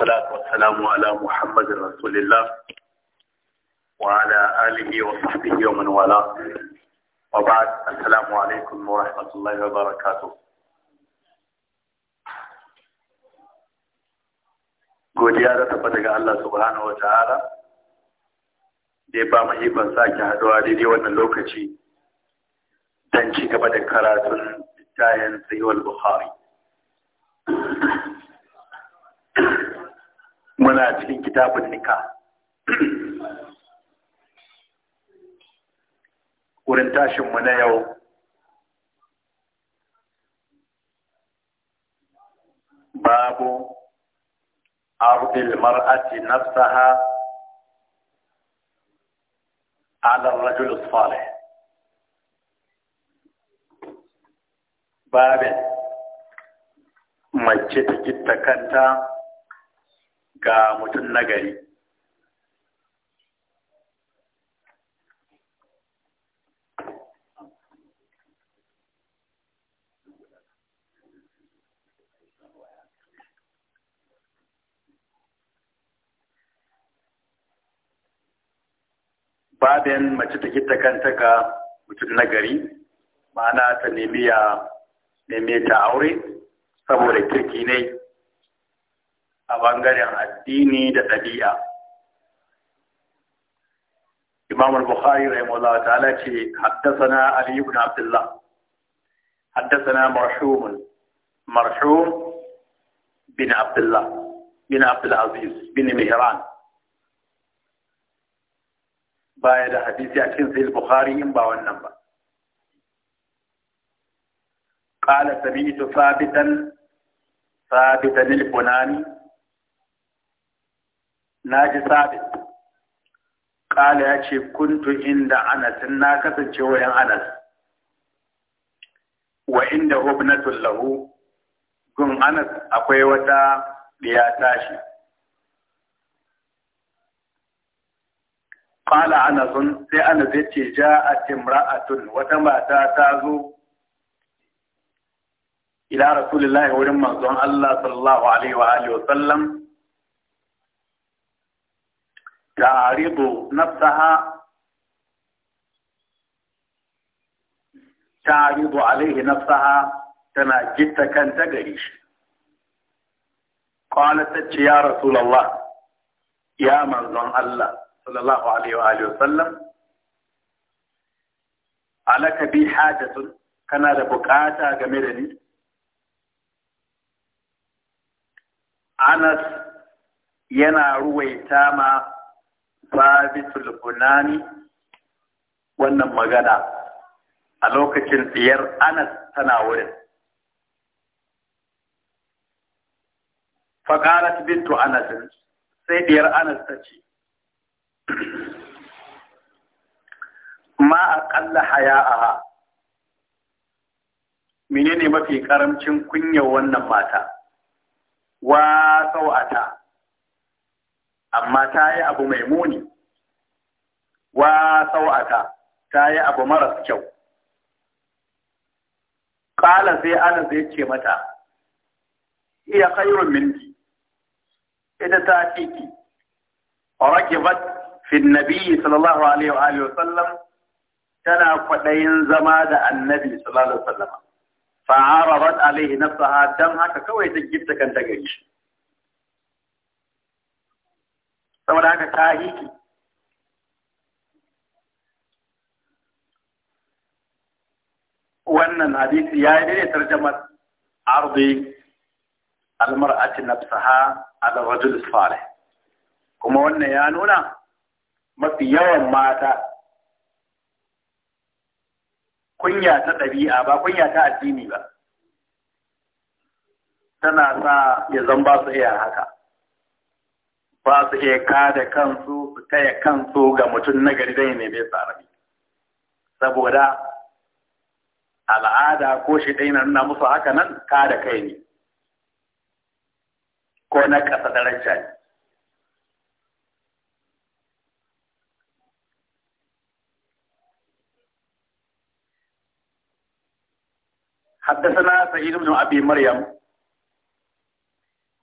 والصلاة والسلام على محمد رسول الله وعلى آله وصحبه ومن والاه وبعد السلام عليكم ورحمة الله وبركاته godiya da tafa daga Allah subhanahu wa ta'ala da ya ba mu ikon sake haɗuwa daidai wannan lokaci don ci gaba da karatun littayen tsayuwar Bukhari. muna cikin kitabun nika wurin tashinmu na yau babu ardil mar'ati nafsaha ala rajul salih babin mace ta kanta ga mutum nagari babin mace ta gita kanta ga mutum nagari ma'ana ta nemi ya neme ta aure saboda kirki ne إمام البخاري رحمه الله تعالى حدثنا علي بن عبد الله حدثنا مرحوم مرحوم بن عبد الله بن عبد العزيز بن مهران بعد حديث أكين في البخاري إنبا والنبا قال سمعت ثابتا ثابتا البناني na ji sabit ƙala ya ce kuntu inda anasin na kasance wurin anas wa inda na lahu gun anas akwai wata ɗiya tashi Ƙala anasun sai anas ya ce ja a timra'atun wata mata ta zo ila rasulillahi wurin manzon Allah sallallahu alaihi wa alihi wa sallam تعرض نفسها تعرض عليه نفسها تنا جدت كان تقريش قالت يا رسول الله يا من الله صلى الله عليه وآله وسلم عليك بي حاجة كان لبقاتا bukata أنس ينا رويتا ما sabitul bunani wannan magana a lokacin tsiyar anas tana wurin Fakarat bintu anas sai diyar anas ta ce ma a ƙalla mini ne mafi ƙaramcin kunyar wannan mata wa sau'ata amma ta yi abu mai muni wa sau'ata ta yi abu maras kyau ƙala sai ana zai ce mata iya khairun minti. ita ta kiki rakibat fi nabiyyi sallallahu alaihi wasallam tana kwaɗayin zama da annabi sallallahu alaihi wasallam fa'arabat alaihi nafsaha dan haka kawai ta gifta kanta gari shi saboda haka ta yi ki wannan hadisi ya yi daidai tarjamar arzi almar'ati nafsaha ala rajul salih kuma wannan ya nuna mafi yawan mata kunya ta ɗabi'a ba kunya ta addini ba tana sa ya zan ba su iya haka ba su iya kada kansu su kaya kansu ga mutum na gari dai ne bai sarabi saboda al'ada ko shi ɗai na nuna musu haka nan kada kai ne ko na ƙasa daraja ne حدثنا سعيد بن أبي مريم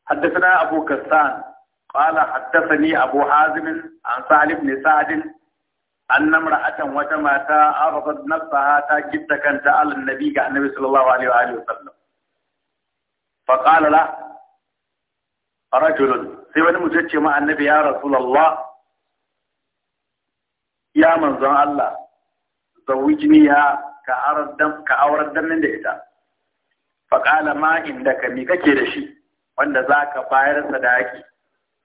حدثنا أبو كسان قال حدثني أبو حازم عن سهل بن سعد أن امرأة وجمعت عرضت نفسها تجد كنت على النبي عن النبي صلى الله عليه وآله وسلم فقال له رجل سيوان مجتش مع النبي يا رسول الله يا من زمان الله زوجنيها كأورد دم كأورد دم من ديتا فقال ما عندك ميكا كيرشي wanda za ka bayar sadaki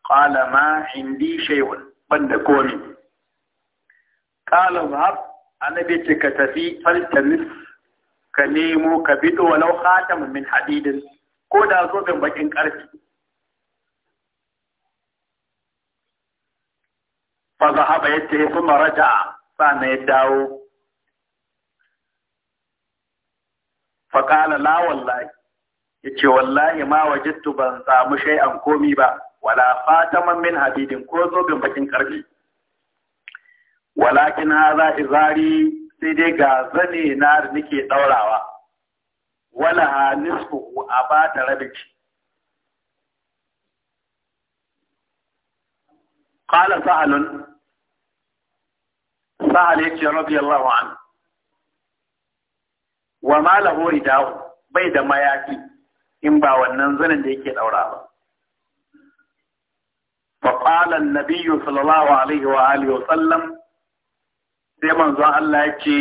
qala ma indi shay'un banda komi qala zahab annabi ce ka tafi faltamis ka nemo ka bido walau khatam min hadidin ko da zobin bakin karfi fa zahaba yace kuma raja na ya dawo fa qala la wallahi yace wallahi ma wajadtu ban samu shay'an komi ba wala fataman min hadidin ko zobin bakin karfe walakin haza izari sai dai ga zane na da nake daurawa wala ha nisfu a ba ta rabin shi qala sa'alun sa'al yace radiyallahu anhu wa ma lahu ridahu bai da mayaki in ba wannan zanen da yake daura ba فقال النبي صلى الله عليه وآله وسلم sai manzo Allah ya ce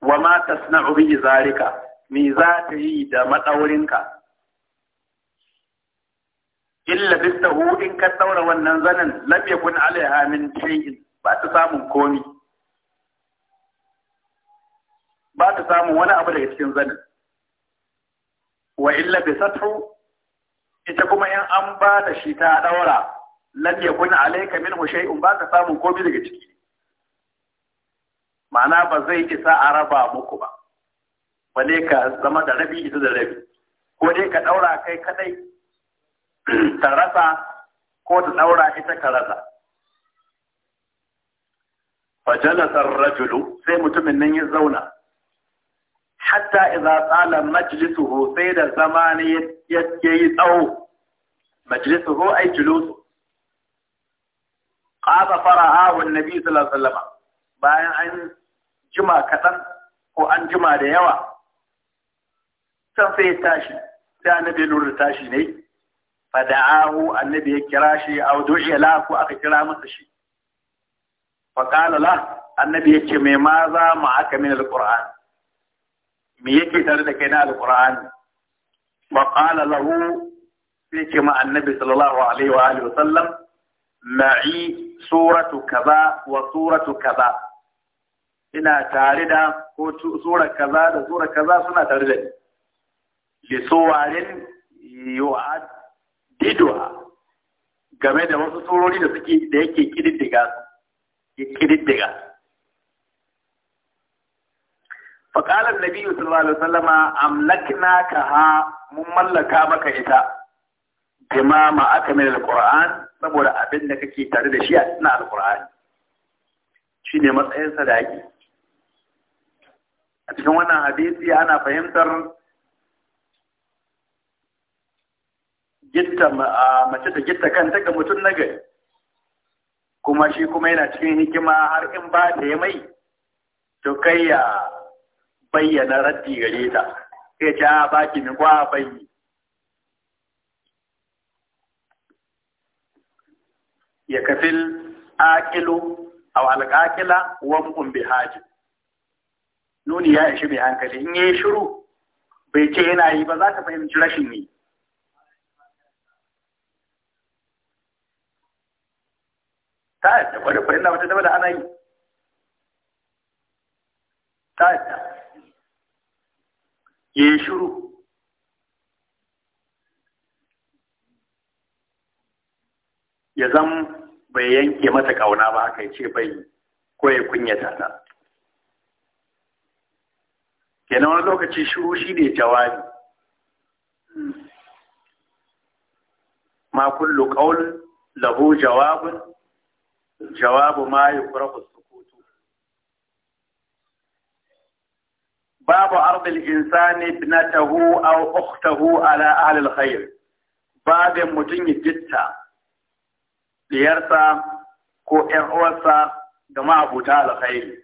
wa matas na bi zarika, me za yi da maɗaurinka illa bistahu in ka daura wannan zanin lam yakun alaiha min shay'in ba ta samun komi ba ta samun wani abu daga cikin zanin wa illa ita kuma in an ba da shi ta daura lan kuna alayka minhu shay'un ba ka samu komai daga ciki ma'ana ba zai isa a raba muku ba bale ka zama da rabi ita da rabi ko dai ka daura kai kadai ta rasa ko ta daura ita ka rasa ar rajulu sai mutumin nan ya zauna hatta idza tsala majlisuhu sai da zama ne yi tsawo majlisuhu ay julusu fara fara'ahu annabi sallallahu alaihi wasallam bayan an jima kaɗan ko an jima da yawa can sai ya tashi sai annabi lura tashi ne Fa fada'ahu annabi ya kira shi a du'iya la ko aka kira masa shi fa qala la annabi yace me ma za mu aka min alquran me yake tare da kai na alqur'ani wa qala lahu fi kima annabi sallallahu alaihi wa alihi wasallam ma'i suratu kaza wa suratu kaza ina tare da ko sura kaza da sura kaza suna tare da ni li suwarin yu'addiduha game da wasu surori da suke da yake kididdiga kididdiga فقال النبي صلى الله عليه وسلم أملكناكها mun mallaka maka ita bima ma aka min saboda abin da kake tare da shi a cikin Shi ne matsayin sadaki a cikin wannan hadisi ana fahimtar gitta mace ta gitta kanta ga mutum na gari kuma shi kuma yana cikin hikima har in ba ta ya mai to kai ya bayyana raddi gare ta sai ta baki min kwa bayyi ya kafil aqilu aw alqaqila wa mum haji nuni ya ishi mai hankali in yi shiru bai ce yana yi ba za ka fahimci rashin yi ta yadda wani farin na wata da ana yi ta yadda ya shiru ya zan bai yanke mata kauna ba haka ya ce bai ko ya kunyata ta kenan wani lokaci shiru shi ne jawabi ma kullu kaul lahu jawabun jawabu ma yi yuqrabu babu ardil insani na aw ukhtahu ala ahli alkhair babin mutum ya jitta diyarsa ko ƴan uwarsa ga ma'abuta alkhairi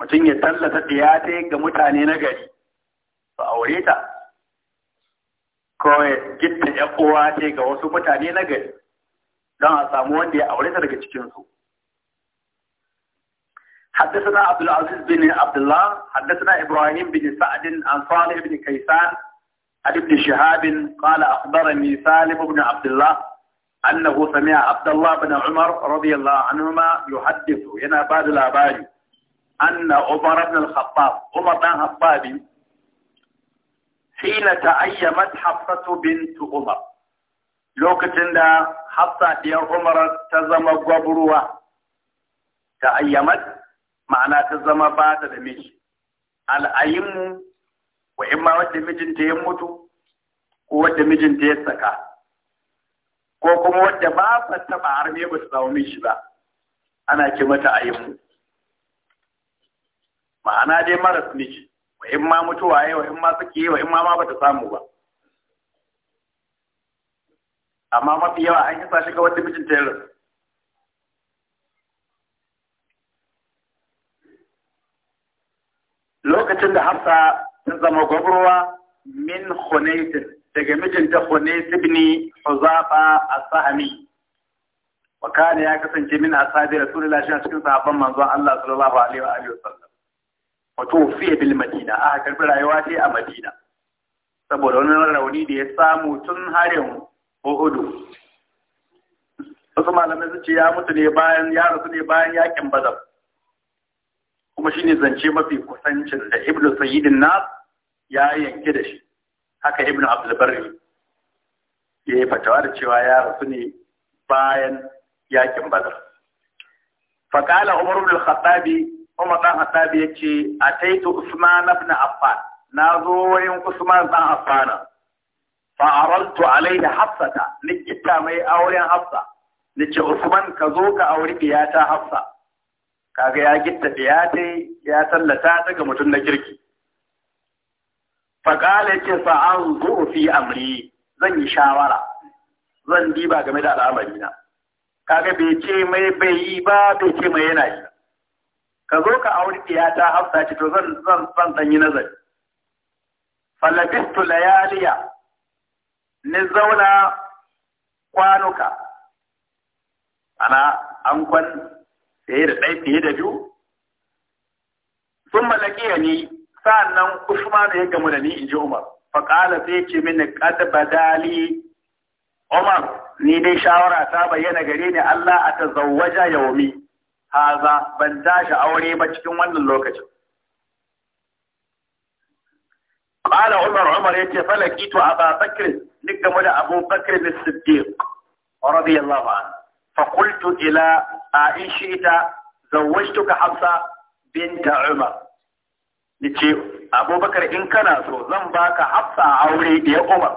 mutum ya tallata diyate ga mutane na gari ba aure ta ko ya jitta ƴan uwa ce ga wasu mutane na gari don a samu wanda ya aure ta daga cikinsu حدثنا عبد العزيز بن عبد الله حدثنا إبراهيم بن سعد عن صالح بن كيسان عن ابن شهاب قال أخبرني سالم بن عبد الله أنه سمع عبد الله بن عمر رضي الله عنهما يحدث هنا بعد الأباري أن عمر بن الخطاب عمر بن الخطاب حين تأيمت حفصة بنت عمر لوكت عند حفصة يا عمر تزم zama تأيمت ma'ana ta zama ba ta da miji al'ayinmu wa in ma wadda mijinta ya mutu ko wadda mijinta ya saka ko kuma wadda ba ta taba harme ba su samu miji ba ana ce mata ayinmu ma'ana dai maras miji wa in ma mutuwa ya wa in ma saki wa in ma ma ba ta samu ba amma mafi yawa an yi sa shiga wadda mijinta ya rasu مجند حرصة نظام قبروة من خنيت تجي مجند خنيت ابن حزافة الصهمي وكان يكسن من أصحاب رسول الله شخص كنت أبن منظر الله صلى الله عليه وآله وسلم وتوفيه بالمدينة آه كربي رايواتي أمدينة سبولون الرولي دي سامو تنهاريهم وقدو أصمع لما زيتي يا متني باين يا رسولي باين يا كم بدر kuma shine zance mafi kusancin da ibnu sayyidin nas ya yanke da shi haka ibnu abdul barri ya yi cewa ya rasu ne bayan yakin badar faqala umar ibn al-khattab umar ibn al-khattab yace ataitu usman ibn affan na zo wurin usman ibn affan fa aradtu alayhi hafsata nikita mai auren hafsa nace usman ka zo ka auri ta hafsa kaga ya gitta ɗaya ta ya tallata ta ga mutum na kirki faƙala ce fa zo fi amri zan yi shawara zan diba game da al'amari na kaga bai ce mai bai yi ba bai ce mai yana yi ka zo ka auri ɗaya ta hafsa ce to zan zan zan yi nazari falabistu layaliya ni zauna kwanuka ana an fiye da ɗaya fiye da biyu sun malakiya ni sa'annan Usman ya gamu da ni in ji Umar faƙala sai ce mini qad badali Umar ni dai shawara ta bayyana gare ni Allah a tazawwaja yaumi haza ban tashi aure ba cikin wannan lokacin قال عمر عمر يتي فلقيت أبا بكر نقم لأبو بكر الصديق رضي الله عنه فقلت إلى إن شئت زوجتك حفصة بنت عمر نتي أبو بكر إن كان سو زنباك حفصة عوري يا عمر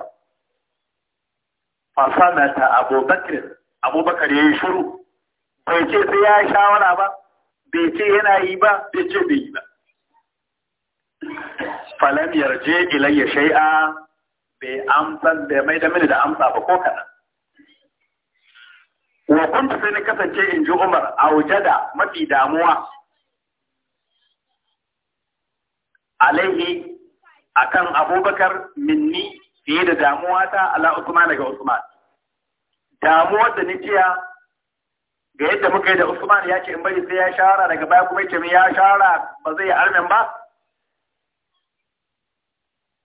فصمت أبو بكر أبو بكر يشرو bai ce sai ya sha wani ba bai ce yana yi ba bai ce bai yi ba falam yarje ilayya shay'a bai amsa bai da amsa ba ko kaɗan wa da sai na kasance in ji Umar a wujada mafi damuwa alaihi kan Abubakar minni fiye da damuwa ta ala daga Usman damuwar da jiya ga yadda muka yi da Usman ya ce in bari sai ya shara daga baya kuma ce ya shara ba zai yi armen ba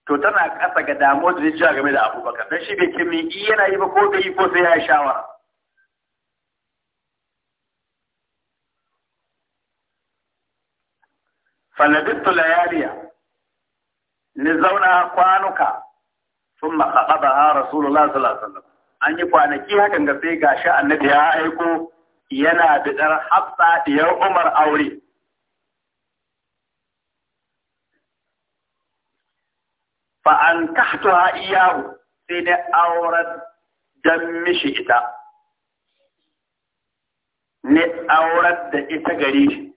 to tana kasa ga damuwar da jiya game da Abubakar dan shi bai ce mi yana yi ba ko bai yi ko sai ya shawara falabittu layaliya ni zauna kwanuka sun maƙaƙaba ha rasulullah sallallahu alaihi an yi kwanaki hakan ga sai gashi annabi ya aiko yana bidar hafsa diyar umar aure fa an kahtuha iyahu sai na auren dan mishi ita ne auren da ita gari. shi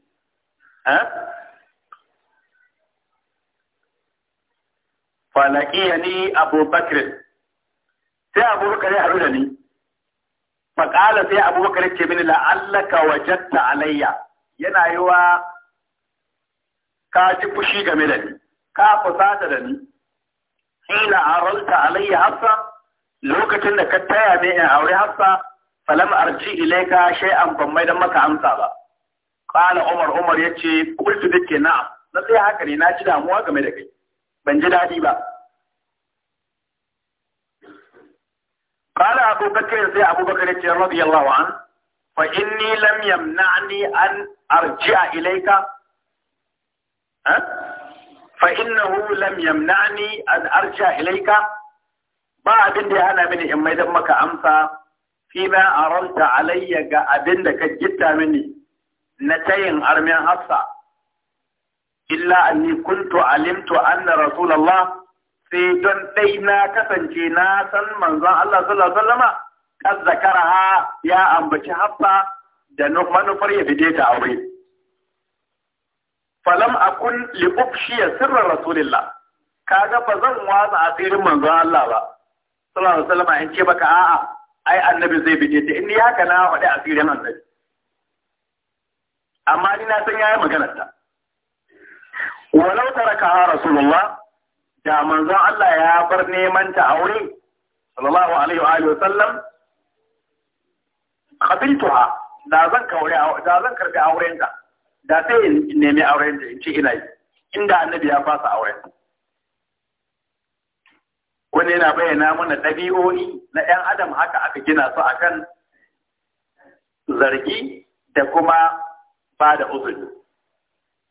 falaƙiya ni Abubakar? sai abubakar ya haruna ni faƙala sai abubakar ce mini la'allaka wajatta alayya yana yi wa ka ji fushi game da ni ka fusata da ni hila aralta alayya hafsa lokacin da ka taya ne in aure hafsa falam arji ilaika shay'an ban mai maka amsa ba qala umar umar yace qultu dake na na sai haka ne na ci damuwa game da kai ban ji daɗi ba qala abu bakr sai abu bakr ya ce radiyallahu an fa inni lam yamna'ni an arji'a ilayka fa innahu lam yamna'ni an arji'a ilayka ba abin da ya hana mini in mai dan maka amsa fi ma aranta alayya ga abin da ka gitta mini na tayin armiyan hafsa illa anni kuntu alimtu anna rasulullah sai don dai na kasance na san manzon Allah sallallahu alaihi wasallama kad zakaraha ya ambaci habba da manufar ya fide ta aure falam akun li ufshiya sirra rasulillah kaga ba zan watsa asirin manzon Allah ba sallallahu alaihi wasallama in ce baka a'a ai annabi zai fide ta in haka na faɗi asirin annabi amma ni na san yayi maganar ta walau taraka rasulullah da manzon Allah ya bar neman ta aure sallallahu alaihi wa alihi wasallam qabiltuha da zan kaure da zan karbi auren ta da sai in nemi auren ta in ci ina inda annabi ya fasa auren wani yana bayyana mana ɗabi'o'i na 'yan adam haka aka gina su akan zargi da kuma bada uzuri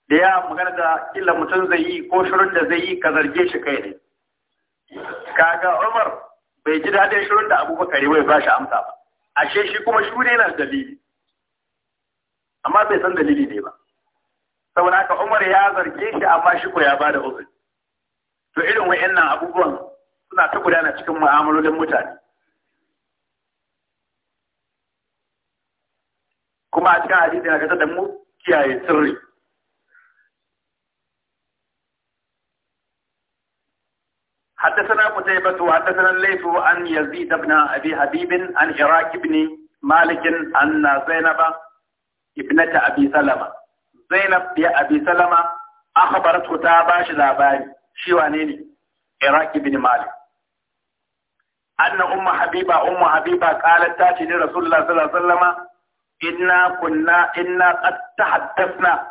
da ya magana da kila mutum zai yi ko shirin da zai yi ka zarge shi kai ne kaga Umar bai ji daɗin shirin da yi bai ba shi amsa ba ashe shi kuma shi ne yana dalili amma bai san dalili ne ba saboda haka Umar ya zarge shi amma shi ko ya bada uzuri to irin nan, abubuwan suna ta gudana cikin mu'amalolin mutane kuma a cikin hadisi na kasar da mu kiyaye sirri حدثنا قتيبة وحدثنا الليث عن يزيد بن أبي حبيب عن عراك بن مالك أن زينب ابنة أبي سلمة زينب يا أبي سلمة أخبرته تاباش لاباري شيوانيني عراك بن مالك أن أم حبيبة أم حبيبة قالت تاتي لرسول الله صلى الله عليه وسلم إنا كنا إنا قد تحدثنا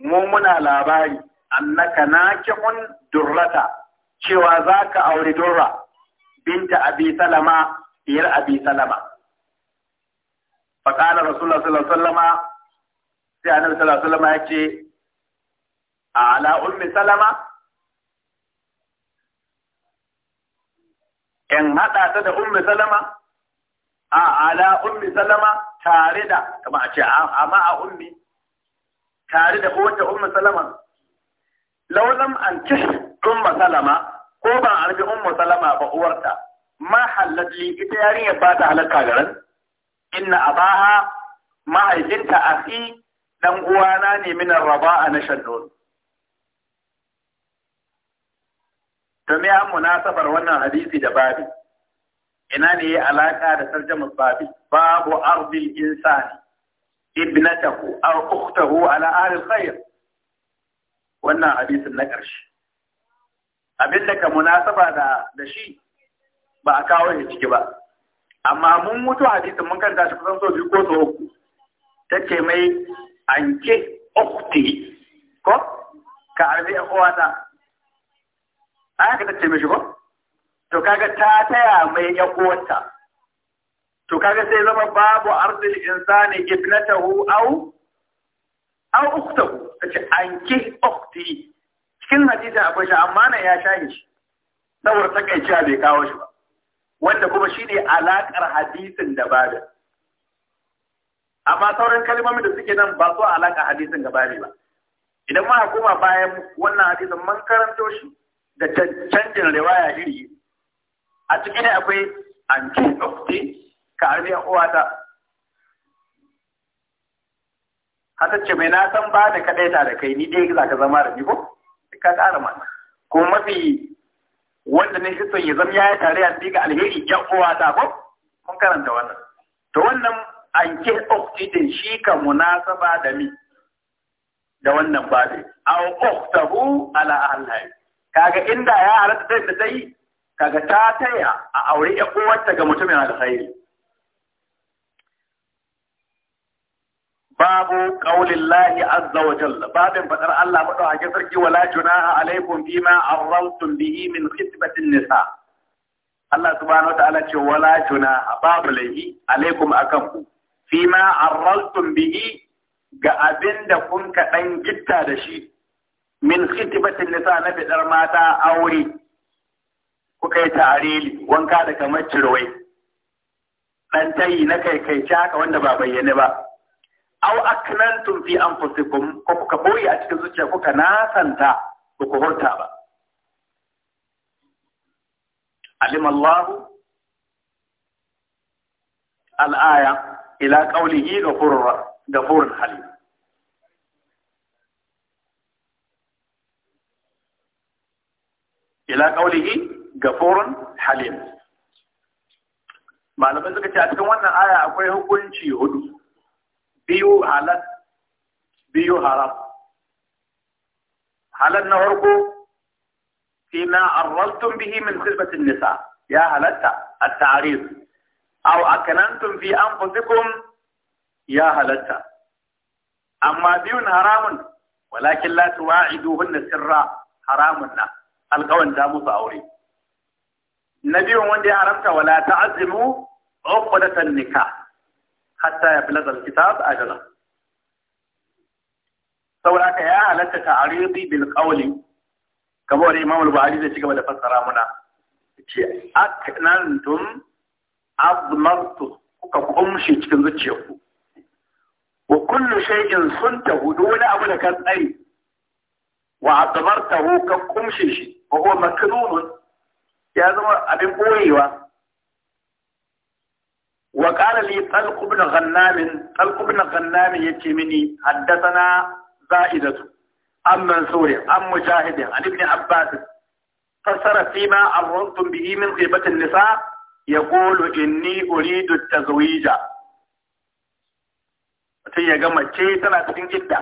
مو منا لاباري أنك ناكح درته cewa za ka auri dora binta abi salama diyar abi salama faƙalar rasulullah sallallahu alaihi sai annabi sallallahu alaihi Wasallama ya ce ala ummi salama in haɗa ta da ummi salama a ala ummi salama tare da kama a ce amma a ummi tare da kowace ummi salama laulam an kishi umma salama ko ba arbi umma salama ba uwarta ma halalli ita yarinyar ba ta halakka garan inna abaha mahaifinta afi dan uwana ne min raba'a na shaddon to me an munasabar wannan hadisi da babi ina ne ya alaka da tarjamar babi babu ardil insani ibnatahu aw ukhtahu ala ahli khair wannan hadisin na ƙarshe abin da ka munasaba da da shi ba a kawo shi ciki ba amma mun mutu hadisin mun kanta shi kusan so biyu ko so uku tace mai anke ukhti ko ka arbi uwata aya ka mai shi ko to kaga ta taya mai yan uwarta to kaga sai zama babu ardil insani ibnatahu aw aw ukhtahu ce anke ukhti cikin hadisi akwai shi amma nan ya shahi shi saboda takaiciya bai kawo shi ba wanda kuma shi ne alaƙar hadisin da babin amma sauran kalmomin da suke nan ba su alaƙa hadisin gaba ne ba idan ma hukuma bayan wannan hadisin man karanto shi da canjin riwaya iri a cikin akwai an ce ɗaukti ka uwa uwata hata ce mai na san ba da kaɗaita da kai ni ɗaya za ka zama da ni ko ka ƙara ma ko mafi wanda ne shi son ya zama ya yi tare a ga alheri ya uwa ta ko mun karanta wannan to wannan an ke oxygen shi ka munasaba da mi da wannan ba. babi aw oxtahu ala ahlihi kaga inda ya halatta da sai kaga ta taya a aure ya uwarta ga mutumin alkhairi babu qaulin lahi azza wa jalla babin faɗar Allah madaukakin sarki wala junaha alaikum bima arramtum bihi min khitbatin nisa Allah subhanahu wa ta'ala ce wala junaha babu lahi alaikum akan ku fima arramtum bihi ga abinda kun ka ɗan gitta da shi min khitbatin nisa na fidar mata aure kuka yi tareli wanka da kamar cirwai Ɗan tayi na kai kai caka wanda ba bayyane ba aw aknantum fi anfusikum ko kuka boye a cikin zuciya kuka nasanta ko ku hurta ba alim Allah al-aya ila qawlihi ghafurur ghafurur halim ila qawlihi ghafurun halim malamai suka ce a cikin wannan aya akwai hukunci hudu بيو حالت بيو حالت حالت na فيما عرضتم به من خلبة النساء يا حالت التعريض أو أكننتم في أنفسكم يا حالت أما بيو حرام ولكن لا تواعدوهن سرا حرام القوان داموس أوري نبي وندي حرمت ولا تعزموا عقدة النكاح hatta ya balagal kitab ajala saboda ka ya halatta ta'aridi bil qawli kamar da Imam Buhari zai cigaba da fassara muna ce aknantum azmartu ka kumshi cikin zuciyarku wa kullu shay'in suntahu duk wani abu da kan tsari wa azmartahu ka kumshi shi wa huwa ya zama abin boyewa wa qala li talq ibn ghannam talq ibn ghannam yace mini haddathana za'idatu an mansur an mujahid an ibn abbas fassara fima arruntum bihi min ghibati an-nisa yaqulu inni uridu sai ya ga mace tana cikin idda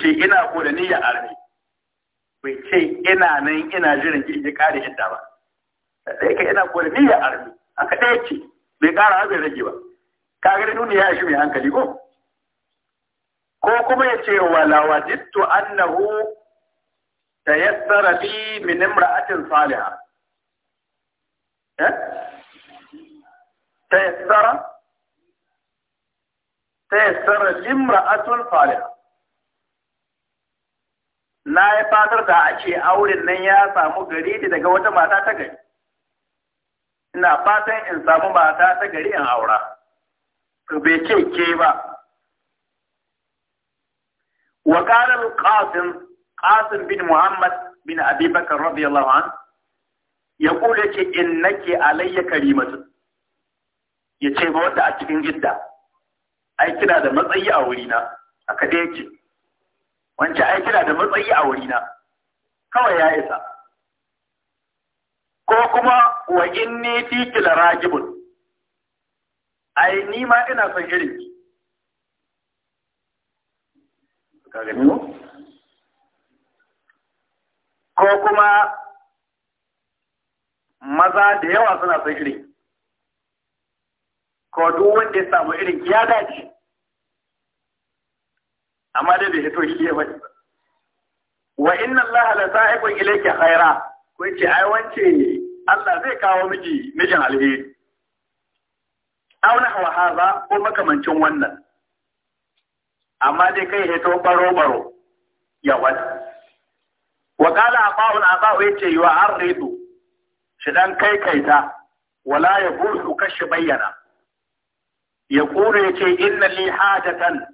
ce ina ko da ya arni bai ce ina nan ina jiran ki ya kare idda ba sai ka ina ko da ya arni aka ɗaya ce bai ƙara bai rage ba ka gani duniya ya shi mai hankali ko ko kuma ya ce wa lawajittu annahu tayassara bi min imra'atin salihah eh tayassara tayassara limra'atun salihah na ya fatar da a ce auren nan ya samu gari daga wata mata ta gari ina fatan in samu mata ta gari in aura to bai ce ke ba wa qala al-qasim qasim bin muhammad bin abi bakr radiyallahu an ya kula ce innaki alayya karimatu ya ce ba wanda a cikin jidda ai kina da matsayi a wurina aka dai ce, wance ai kina da matsayi a wurina kawai ya isa ko kuma wa inni fi la ragibun ai ni ma ina son irin ki ka ko kuma maza da yawa suna son irin ko duk wanda ya samu irin ki ya dace amma dai bai hito shi ba wa inna allaha la sa'iqu ilayka khaira ko yace ai wance Allah zai kawo miji mijin alheri auna hawa haza ko makamancin wannan amma dai kai heto baro baro ya wani wa qala aba'un aba'u yace yu arridu shi dan kai kai ta. wala ya bulu kashi bayyana ya kure ce inna li hajatan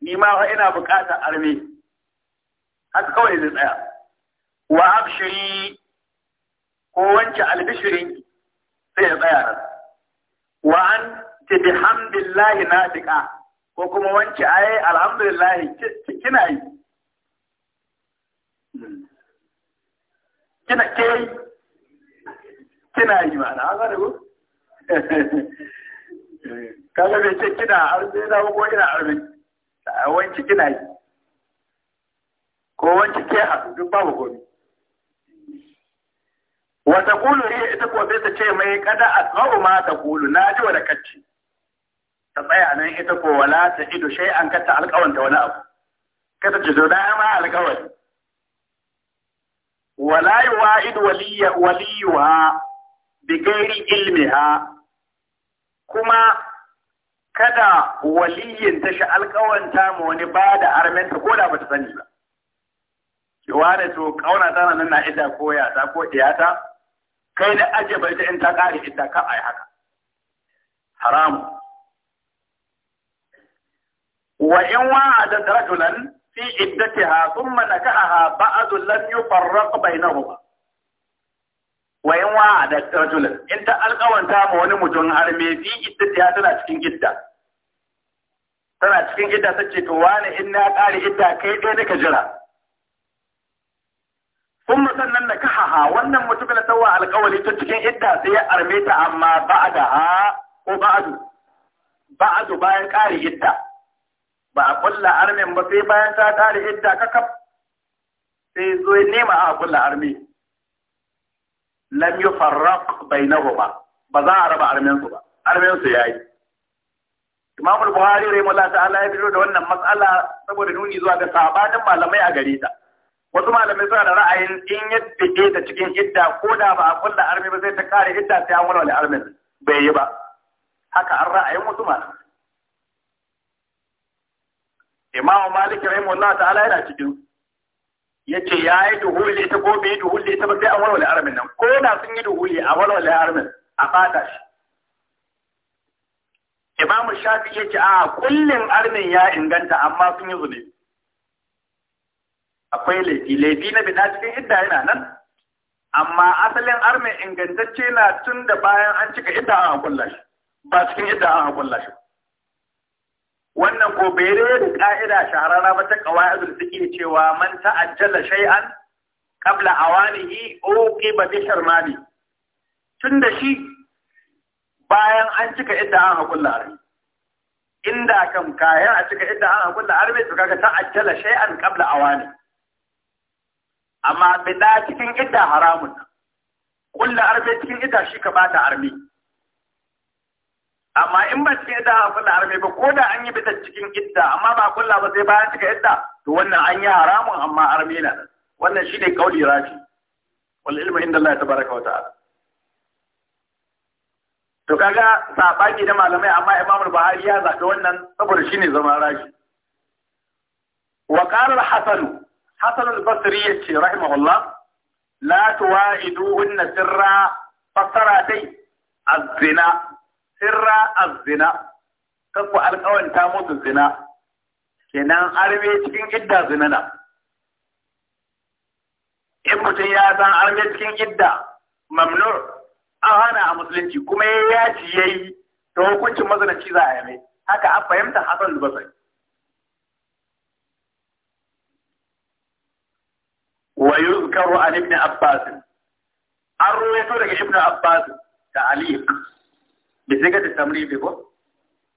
ni ma wa ina buƙatar arme haka kawai zai tsaya wa abshiri ko wance albishirin sai ya tsaya nan wa an ti bihamdillahi nadiqa ko kuma wance ai alhamdulillahi kina yi kina ke kina yi ma na ga da ku kaga bai ce kina arzi na ko kina arzi wance kina yi ko wance ke hasu duk babu gobe wata kulu ne ita ko sai ta ce mai kada a tsawo ma ta kulu na ji wa da kacci ta tsaya nan ita ko wala ta ido shai an kata alkawanta wani abu kata ce zo ya ma alkawari wala yi wa idu waliyuwa bi gairi ilmiha kuma kada waliyin ta shi alkawanta ma wani ba da armenta ko da ba ta sani ba. Ki ware to kauna tana nan na ita ko yata ko ɗiyata kai na ajiye bai ta in ta kare ita ka yi haka haram wa in wa'ada rajulan fi iddatiha thumma naka'aha ba'd lam yufarraq bainahuma wa in wa'ada rajulan in ta alƙawanta ma wani mutum har me fi iddatiha tana cikin idda tana cikin idda sace to wani in na ƙare idda kai ɗaya nake jira kun sannan na a wannan mutumin da tawa alkawali ta cikin idda sai ya arme ta amma da ha ko ba'du ba'du bayan ƙari idda ba a kulla arme ba sai bayan ta ƙari idda kakaf sai zo ya nema a kulla arme lam farraq bainahuma ba za a raba armen su ba armen su yayi imamul Buhari rahimahullah ta'ala ya fito da wannan matsala saboda nuni zuwa ga sabanin malamai a gare ta wasu malamai suna da ra'ayin in ya dige ta cikin idda ko da ba a kulla armi ba sai ta kare idda sai an wani armin bai yi ba haka an ra'ayin wasu malamai Imam Malik rahimahullah ta'ala yana cikin yace yayi duhuli ita ko bai duhuli ita ba sai an wani armin nan ko da sun yi duhuli a wani wani armin a fata shi Imam Shafi yace a kullin armin ya inganta amma sun yi zunubi akwai laifi laifi na bida cikin idda yana nan amma asalin armi ingantacce na tun da bayan an cika idda an hakulla shi ba cikin idda an hakulla shi wannan ko bai da ka'ida shahararra ba ta qawaidul suke cewa man ta'ajjala shay'an qabla awanihi uqiba bi sharmani tun da shi bayan an cika idda an hakulla arme inda kam kayan a cika idda an hakulla arme to kaga ta'ajjala shay'an qabla awanihi amma bida cikin idda haramun kulla arme cikin idda shi ka bata arme amma in ba cikin idda a kulla arme ba ko da an yi bita cikin idda amma ba kulla ba sai bayan cika idda to wannan an yi haramun amma arme na wannan shi ne kauli rafi wal ilmu inda Allah tabaraka wa ta'ala to kaga sabaki da malamai amma Imam Buhari ya zaɓi wannan saboda shine zama rashi wa qala al-Hasan hasan al-basri yace rahimahullah la tuwa'iduhunna sirra fasara dai az-zina sirra az-zina kanku alƙawanta musu zina kenan arme cikin idda zina in mutum ya san arme cikin idda mamnur an hana musulunci kuma ya yaci yayi hukuncin mazanaci za a yame haka an fahimta hasan al-basri wa yuzkaru an ibn Abbas an ruwaito daga ibn Abbas ta'liq bi siga ta tamribi ko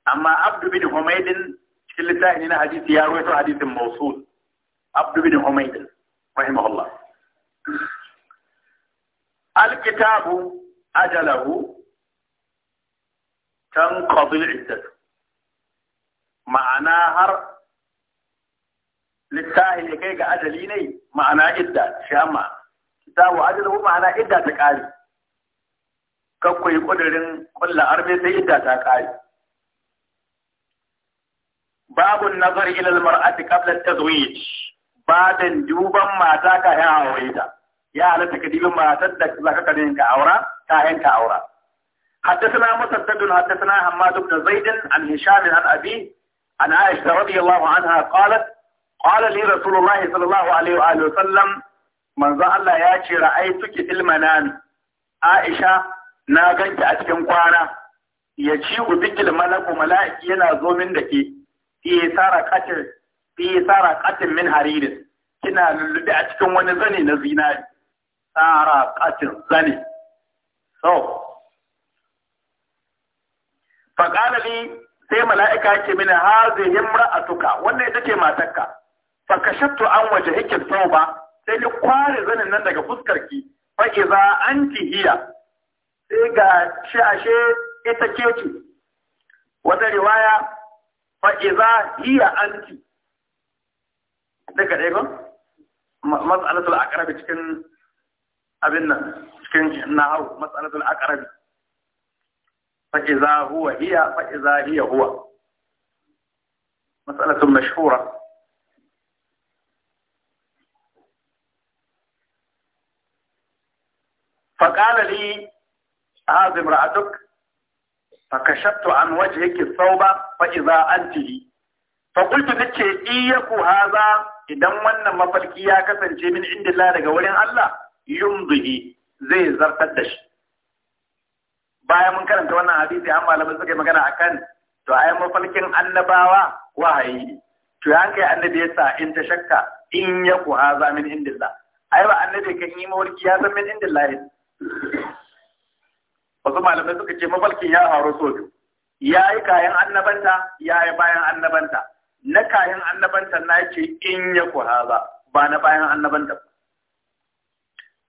amma Abdu bin Humayd cikin littafin na hadisi ya ruwaito hadisin mawsul الكتاب أجله تنقضي العدة معناها للساهل يكيغ عدليني معنى إدى شاما كتاب عدله معنى إدى تكال كوكو يقدرن كل أرمي في إدى تكال باب النظر إلى المرأة قبل التزويج بعد جوبا ما تاكا يا عويدا يا على تكذيب ما تدك لك قدين كعورا كاين كعورا حدثنا مسدد حدثنا حماد بن زيد عن هشام عن أبيه عن عائشة رضي الله عنها قالت qala li rasulullahi sallallahu alaihi wa alihi wasallam Allah ya ce ra'aytuki fil manan Aisha na ganki a cikin kwana ya ci الملك malaku yana zo min da ke fi sara qatil fi min haririn kina lullubi a cikin wani zane na zina sara qatil zane so faƙalali sai mala'ika ce mini hazihin ra'atuka wannan ita ce matakka fa kashattu an wajhiki tauba sai ni kware zanin nan daga fuskar ki fa iza anti hiya sai ga shi ashe ita ke ce wata riwaya fa iza hiya anti daga dai ba mas'alatul aqrab cikin abin nan cikin nahawu mas'alatul aqrab fa iza huwa hiya fa iza hiya huwa mas'alatul mashhura hazim ra'atuk fa kashattu an wajhiki thawba fa idza antihi fa qultu nace iyaku haza idan wannan mafarki ya kasance min indillah daga wurin Allah yumdihi zai zartar da shi bayan mun karanta wannan hadisi an malamai suka yi magana akan to ayi mafarkin annabawa wahayi to ya kai annabi ya sa in ta shakka in ya ku haza min indillah ai ba annabi kan yi mawarki ya san min indillah wasu malamai suka ce mafarkin ya haro so biyu ya yi kayan annabanta ya yi bayan annabanta na kayan annabanta na ce in ya ku haza ba na bayan annabanta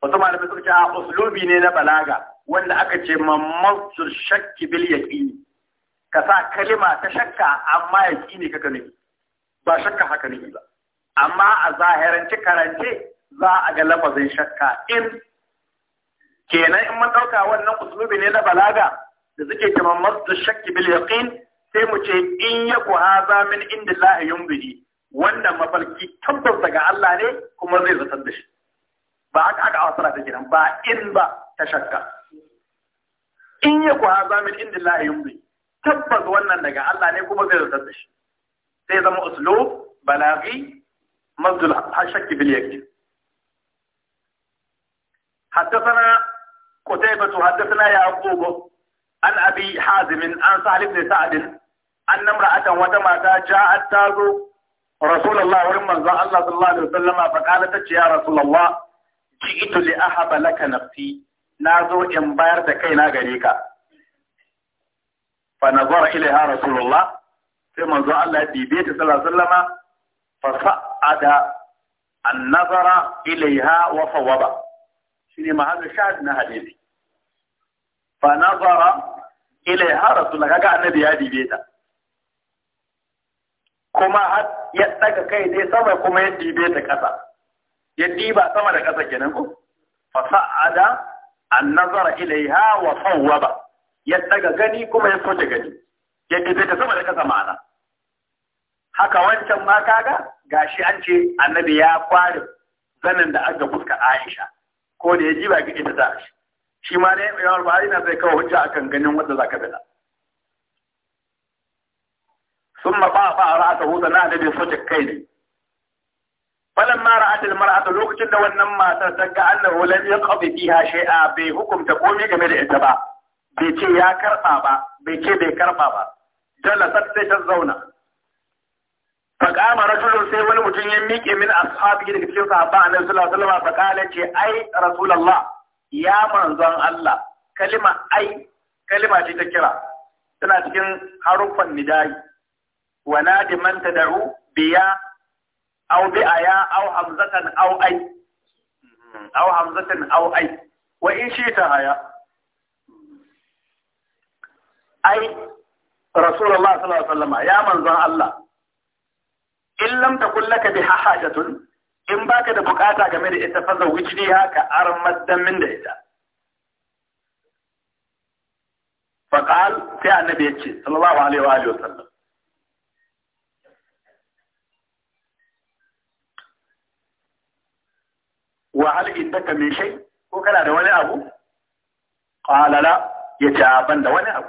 wasu malamai suka ce a uslubi ne na balaga wanda aka ce mammasu shakki bil yaqini ka sa kalima ta shakka amma yaqini kaka ne ba shakka haka ne ba amma a zahirance karance za a ga lafazin shakka in kenan in mun ɗauka wannan usulubi ne na balaga da suke kaman masu shakki bil yaqin sai mu ce in ya ku haza min inda lahi yumbihi wannan mafarki tabbas daga Allah ne kuma zai zatar da shi ba haka aka asara ta gidan ba in ba ta shakka in ya ku haza min inda lahi yumbihi tabbas wannan daga Allah ne kuma zai zatar da shi sai zama uslub balaghi masu shakki bil yaqin حدثنا قتيبة حدثنا يعقوب عن أبي حازم عن سهل بن سعد أن امرأة وتماتا جاءت تازو رسول الله ولما الله صلى الله عليه وسلم فقالت يا رسول الله جئت لأحب لك نفسي نازو إن باير دكينا غريكا فنظر إليها رسول الله في منظر الله في بيت صلى الله عليه وسلم فصعد النظر إليها وفوض shine mahallin sha na hadisi fa nazara ilaiha suna kaga annabi ya dibe ta kuma har ya daga kai dai sama kuma ya dibe ta kasa ya diba sama da kasa kenan ko fa sa'ada an nazara ilaiha wa sawwaba ya daga gani kuma ya soke gani ya dibe ta sama da kasa ma'ana haka wancan ma kaga gashi an ce annabi ya kware zanin da aka fuska Aisha ko da ya ji ba kike ta tashi shi ma dai yawar ba yana zai kawo hujja akan ganin wanda zaka bada sun ma ba ba ra'ata hu na da bai kai ne falan ma ra'ata mar'ata lokacin da wannan matar ta ga annahu lam yaqdi fiha shay'a bai hukumta komai game da ita ba bai ce ya ba bai ce bai karba ba jalasat sai ta zauna فقام رجل سي وني متين يا ميقي من اصحابه daga cikin sahaba a nan alaihi wasallam faqala ce ai rasulallah ya manzon Allah kalima ai kalima ce ta kira tana cikin haruffan nidai wa nadi man tad'u biya aw bi aya aw hamzatan aw ai hmm, aw hamzatan aw ai wa in shi ta haya ai rasulullah sallallahu alaihi wasallam ya manzon Allah in lam takun laka bi hajatun in baka da bukata game da ita fa zawjini haka armad dan da ita fa qal sai annabi yace sallallahu alaihi wa alihi wasallam wa hal indaka min shay ko kana da wani abu qala la yace ban da wani abu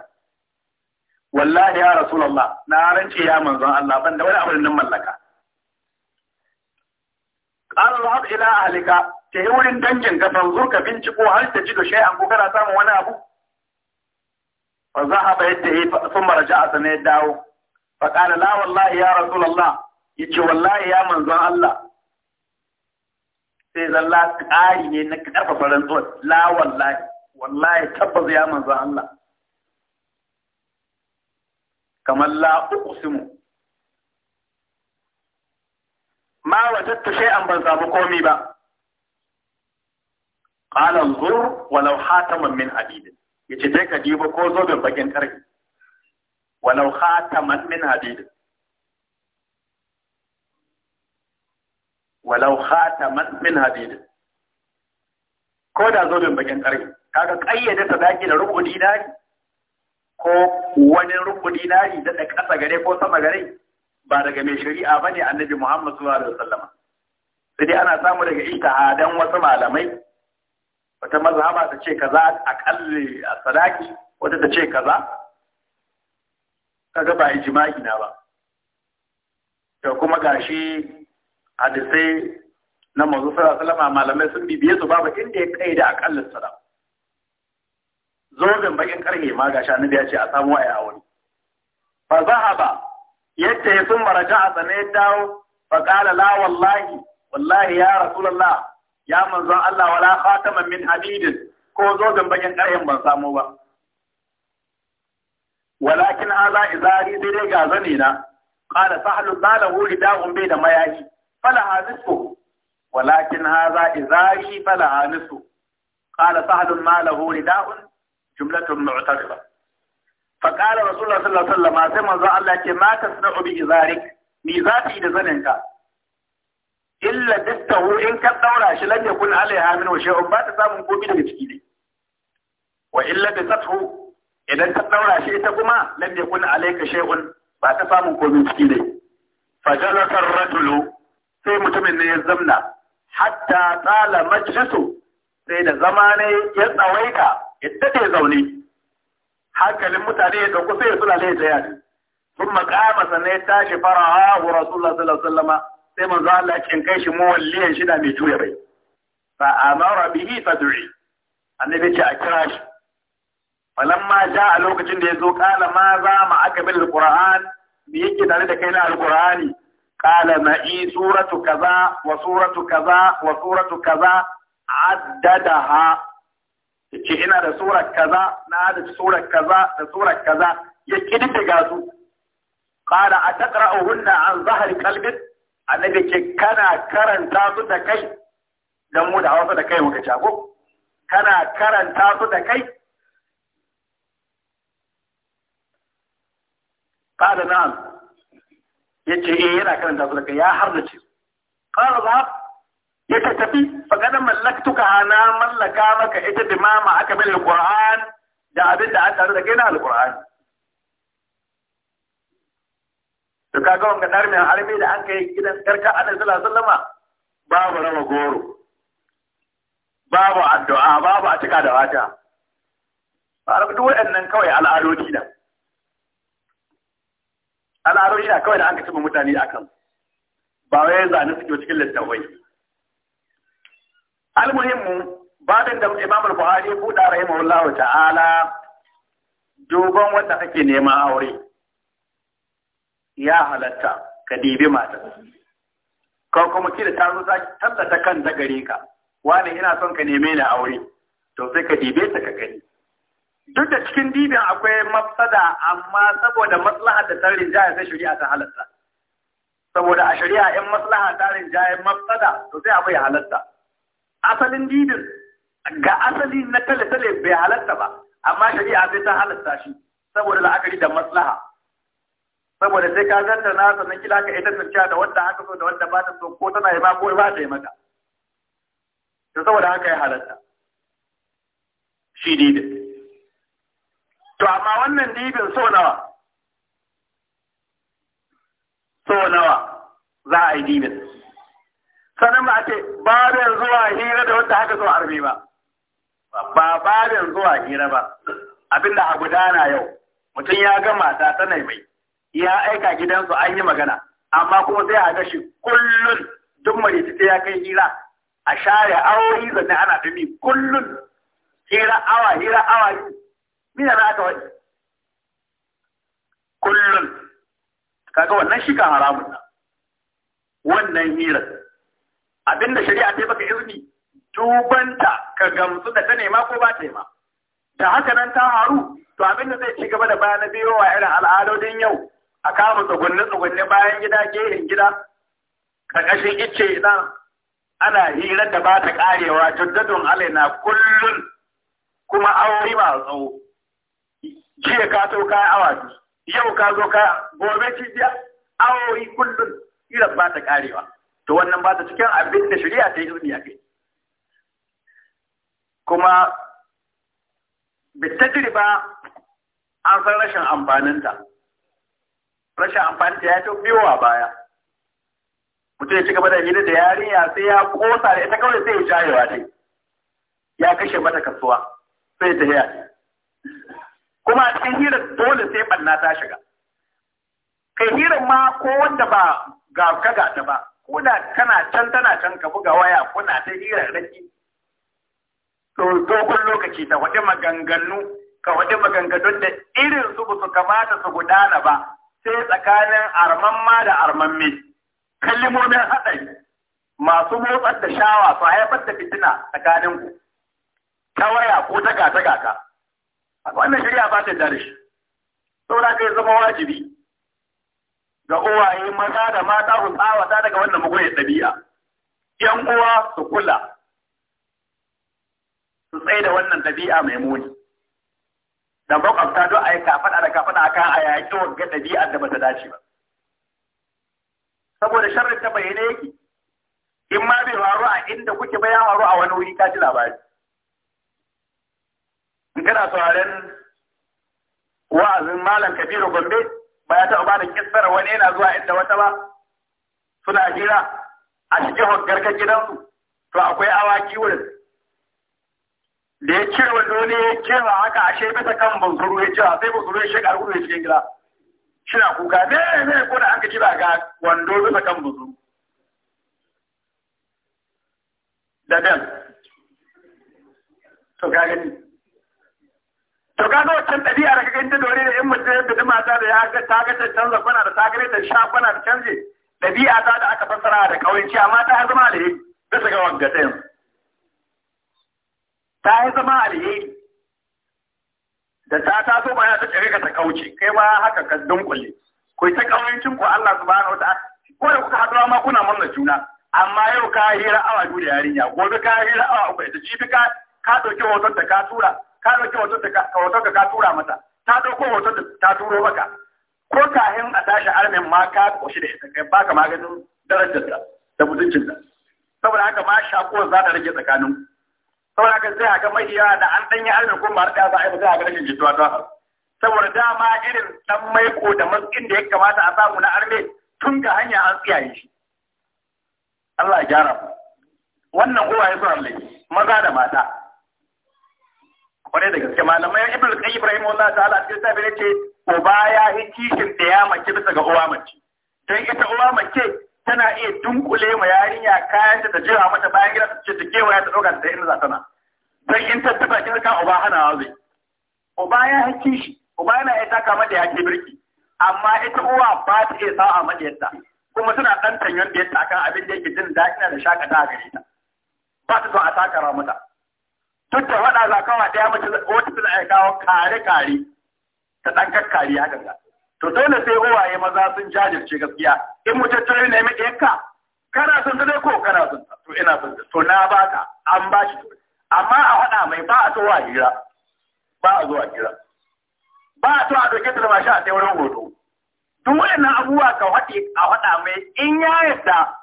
wallahi ya rasulullah na rance ya manzon Allah ban da wani abu nan mallaka qala al-haq ila ahlika ta yi wurin dangin ka tanzu ka binciko har ta ji da shay'an ko kana samu wani abu fa zahaba yadda yi sun maraja a sana ya dawo fa qala la wallahi ya rasulullah yace wallahi ya manzon Allah sai zalla ƙari ne na karfafa zuwa la wallahi wallahi tabbas ya manzon Allah kamar la uqsimu ma wajatta shay'an ban samu komi ba qala zur walau hataman min hadid yace dai ka diba ko zobin bakin karfi walau hataman min hadid walau hataman min hadid ko da zobin bakin karfi kaga ta zaki da rubu dinari ko wani rubu dinari da ƙasa gare ko sama gare ba daga mai shari'a bane annabi Muhammad sallallahu da wasallam sai dai ana samu daga ijtihadan wasu malamai wata mazhaba ta ce kaza a kalli a sadaki wata ta ce kaza kaga ba jima'i na ba to kuma gashi hadisai na mazu sallallahu sallama malamai sun bibiye su babu inda ya kai da akalli sada. zoben bakin karhe ma gashi annabi ya ce a samu waya a wani fa zahaba yadda ya sun maraja a sane ya dawo faƙala la wallahi wallahi ya rasulallah ya manzon Allah wala khataman min hadidin ko zo zan bakin ƙaryan ban samu ba walakin haza izari sai dai ga zane na qala sahlun balahu rida'un bai da mayahi fala hanisu walakin haza izari fala hanisu qala sahlun malahu rida'un jumlatun mu'tariba فقال رسول الله صلى الله عليه sai manzo Allah ce ma tasna'u bi izarik mi zati da zaninka illa dattahu in ka daura shi lan yakun alaiha min shay'un ba ta samun gobi daga ciki ne wa illa dattahu idan ka daura shi ita kuma lan yakun alaika shay'un ba ta samun gobi ciki ne fajalasa ar-rajulu sai mutumin ne ya zamna hatta tsala majlisu sai da zama ne ya tsawaita ya dade zaune hankalin mutane ya dauko sai ya sulale ta yadi sun makama sannan ya tashi fara'a wa rasulullah sallallahu alaihi wasallam sai manzo Allah kin kai shi muwalliyan shi da mai juya bai fa amara bihi fad'i annabi ce a kira shi falamma ja a lokacin da ya zo kala ma za ma aka bil alquran me yake tare da kai na alqurani kala ma i suratu kaza wa suratu kaza wa suratu kaza addadaha yace ina da surar kaza na da surar kaza da surar kaza ya ga su qala ataqra'uhunna an zahri qalbin annabi ke kana karanta su da kai dan mu da hausa da kai muka jago? ko kana karanta su da kai qala na'am yace eh yana karanta su da kai ya harnace qala ya ka tafi fagada mallaktuka na mallaka maka ita da mama aka bil alquran da abin da an tare da kai na alquran to kaga wanga dar mai harbi da an kai gidan karka annabi sallallahu alaihi wasallama babu rawa goro babu addu'a babu a cika da wata ba duk waɗannan kawai al'adodi da al'adodi da kawai da an ka taɓa mutane akan ba wai zane suke cikin littafai almuhimmu babin da imam al-buhari ya buɗa Allah ta'ala dogon wanda kake neman aure ya halatta ka dibi mata ka kuma da ta zo za tallata kan da ka wani ina son ka neme ni aure to sai ka dibe ta ka gani duk da cikin dibin akwai mafsada amma saboda maslaha da tarin jaya sai shirya ta halatta saboda a shari'a in maslaha tarin jaya mafsada to sai ya halatta asalin didin ga asali na tale-tale bai halatta ba amma shari'a sai ta halatta shi saboda la'akari da maslaha saboda sai ka zanta na sannan kila ka ita tsanciya da wanda haka so da wanda ba ta so ko tana yi ma ko ba ta yi maka to saboda haka ya halatta shi didin to amma wannan didin so nawa so nawa za a yi didin sannan ba a ce babin zuwa hira da wanda haka zuwa arbi ba ba babin zuwa hira ba abinda a gudana yau mutum ya ga mata ta mai ya aika gidansu an yi magana amma kuma sai a gashi kullun duk mai ya kai hira a share awoyi zanne ana dumi kullun hira awa hira awa yi mina za aka wani kullun kaga wannan shi kan haramun nan wannan hirar abinda shari'a ta baka izini tubanta ka gamsu da ta nema ko ba ta nema da haka nan ta haru to abin da zai ci gaba da baya na biyo wa irin al'adodin yau a kama tsugunne tsugunne bayan gida gehen gida ƙarƙashin ice na ana hirar da ba ta ƙarewa juddadun alaina kullun kuma aure ba tsawo jiya ka so ka awa yau ka zo ka gobe ci jiya aure kullun hirar ba ta ƙarewa to wannan ba ta cikin abin da shari'a ta yi zuni a kai kuma ba an san rashin amfaninta rashin amfaninta ya to biyowa baya mutum ya ci gaba da hira da yarinya sai ya kosa da ita kawai sai ya jayewa dai ya kashe mata kasuwa sai ta haya kuma a cikin hira dole sai banna ta shiga kai hirar ma ko wanda ba ga kaga ta ba Kuna da kana can tana can ka buga waya kuna ta to dogon lokaci ta wata maganganu ka wata maganganu da irin su ba su kamata su gudana ba sai tsakanin armamma da armamme kalmomin haɗari masu motsar da shawa su haifar da fitina tsakanin ku ta waya ko ta gata gata wannan shirya ba ta dare shi saboda kai zama wajibi ga uwaye maza da mata sun tsawata daga wannan mugunyar ɗabi'a. ‘Yan uwa su kula, su tsaye da wannan ɗabi'a mai muni. Da ta zo a yi kafaɗa da kafaɗa a kan a yaƙi wagga ɗabi'a da bata dace ba. Saboda sharrin ta bayyana yake, in ma bai faru a inda kuke ba ya faru a wani wuri ka ji labari. In kana sauraren wa'azin Malam Kabiru Gombe, ba ya taɓa bada kisar wani yana zuwa inda wata ba suna hira a cikin hoggar gidansu to akwai awaki wurin da ya cire wando ne ya kewa haka ashe bisa kan bunsuru ya cewa sai bunsuru ya shiga alƙuru ya cikin gida shina kuka ne ne ko da an ka kira ga wando bisa kan bunsuru da bel to ka gani to ka zo can ɗabi'a da kaga inda dore da in mutum ya bi ta da ya ga ta ga ta canza kwana da ta gare ta sha kwana da canje ɗabi'a ta da aka fassara da kawanci amma ta zama alheri bisa ga ta yi zama alheri da ta taso ba ya ta tsare ka ta kauce kai ma haka ka dunkule ko ta kawancin ku Allah subhanahu wataala ko da kuka haɗuwa ma kuna murna juna amma yau ka hira awa biyu da yarinya gobe ka hira awa uku ita jibi ka ka ɗauki hoton da ka tura ka ɗauki hoton ka ka tura mata ta ɗauko hoton ta turo maka ko kahin a tashi armin ma ka ƙoshi da ita kai baka maganin darajarta da mutuncinta saboda haka ma shakuwar za ta rage tsakanin saboda haka sai haka mai yawa da an ɗanyi armin ko mara ɗaya za a yi ba sai haka rashin jituwa ta saboda dama irin ɗan maiko da matsin da ya kamata a samu na armen tun ga hanya an tsiyaye shi Allah ya gyara wannan uwaye zuwa Allah maza da mata kwarai da gaske malamai ibnu qayyim rahimahullah ta'ala cikin sabi ce, uba ya yi kishin da ya mace bisa ga uwa mace dan ita uwa mace tana iya dunkule ma yarinya kayan ta jira mata bayan gida ta ce ta kewaya ta dauka ta inda za na dan in ta tafa kin ka uba hana zai uba ya yi kishi uba yana iya taka mata ya ke birki amma ita uwa ba ta iya a mata yadda kuma suna dan tanyon da yadda akan abin da yake jin da shakata a gare ta ba ta zo a takara mata duk da faɗa za kan wata ya mace wata tana ya kawo kare-kare ta ɗan kakkari haka ga. To dole sai uwaye maza sun jajirce gaskiya in mu na ne mai ɗayanka kana son ta ko kana son ta to ina son ta to na ka, an ba shi amma a faɗa mai ba a zuwa hira ba a zuwa hira ba a zuwa doke ta zama shi a sai wurin hoto duk waɗannan abubuwa ka faɗi a faɗa mai in ya yadda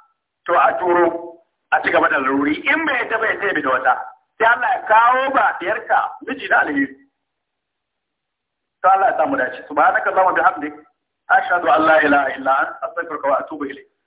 to a turo a ci gaba da laruri in bai yadda bai sai bi da wata sai Allah ya kawo ba diyarka miji na alheri to Allah ya samu dace subhanaka allahumma bihamdik ashhadu an la ilaha illa anta astaghfiruka wa atubu ilayk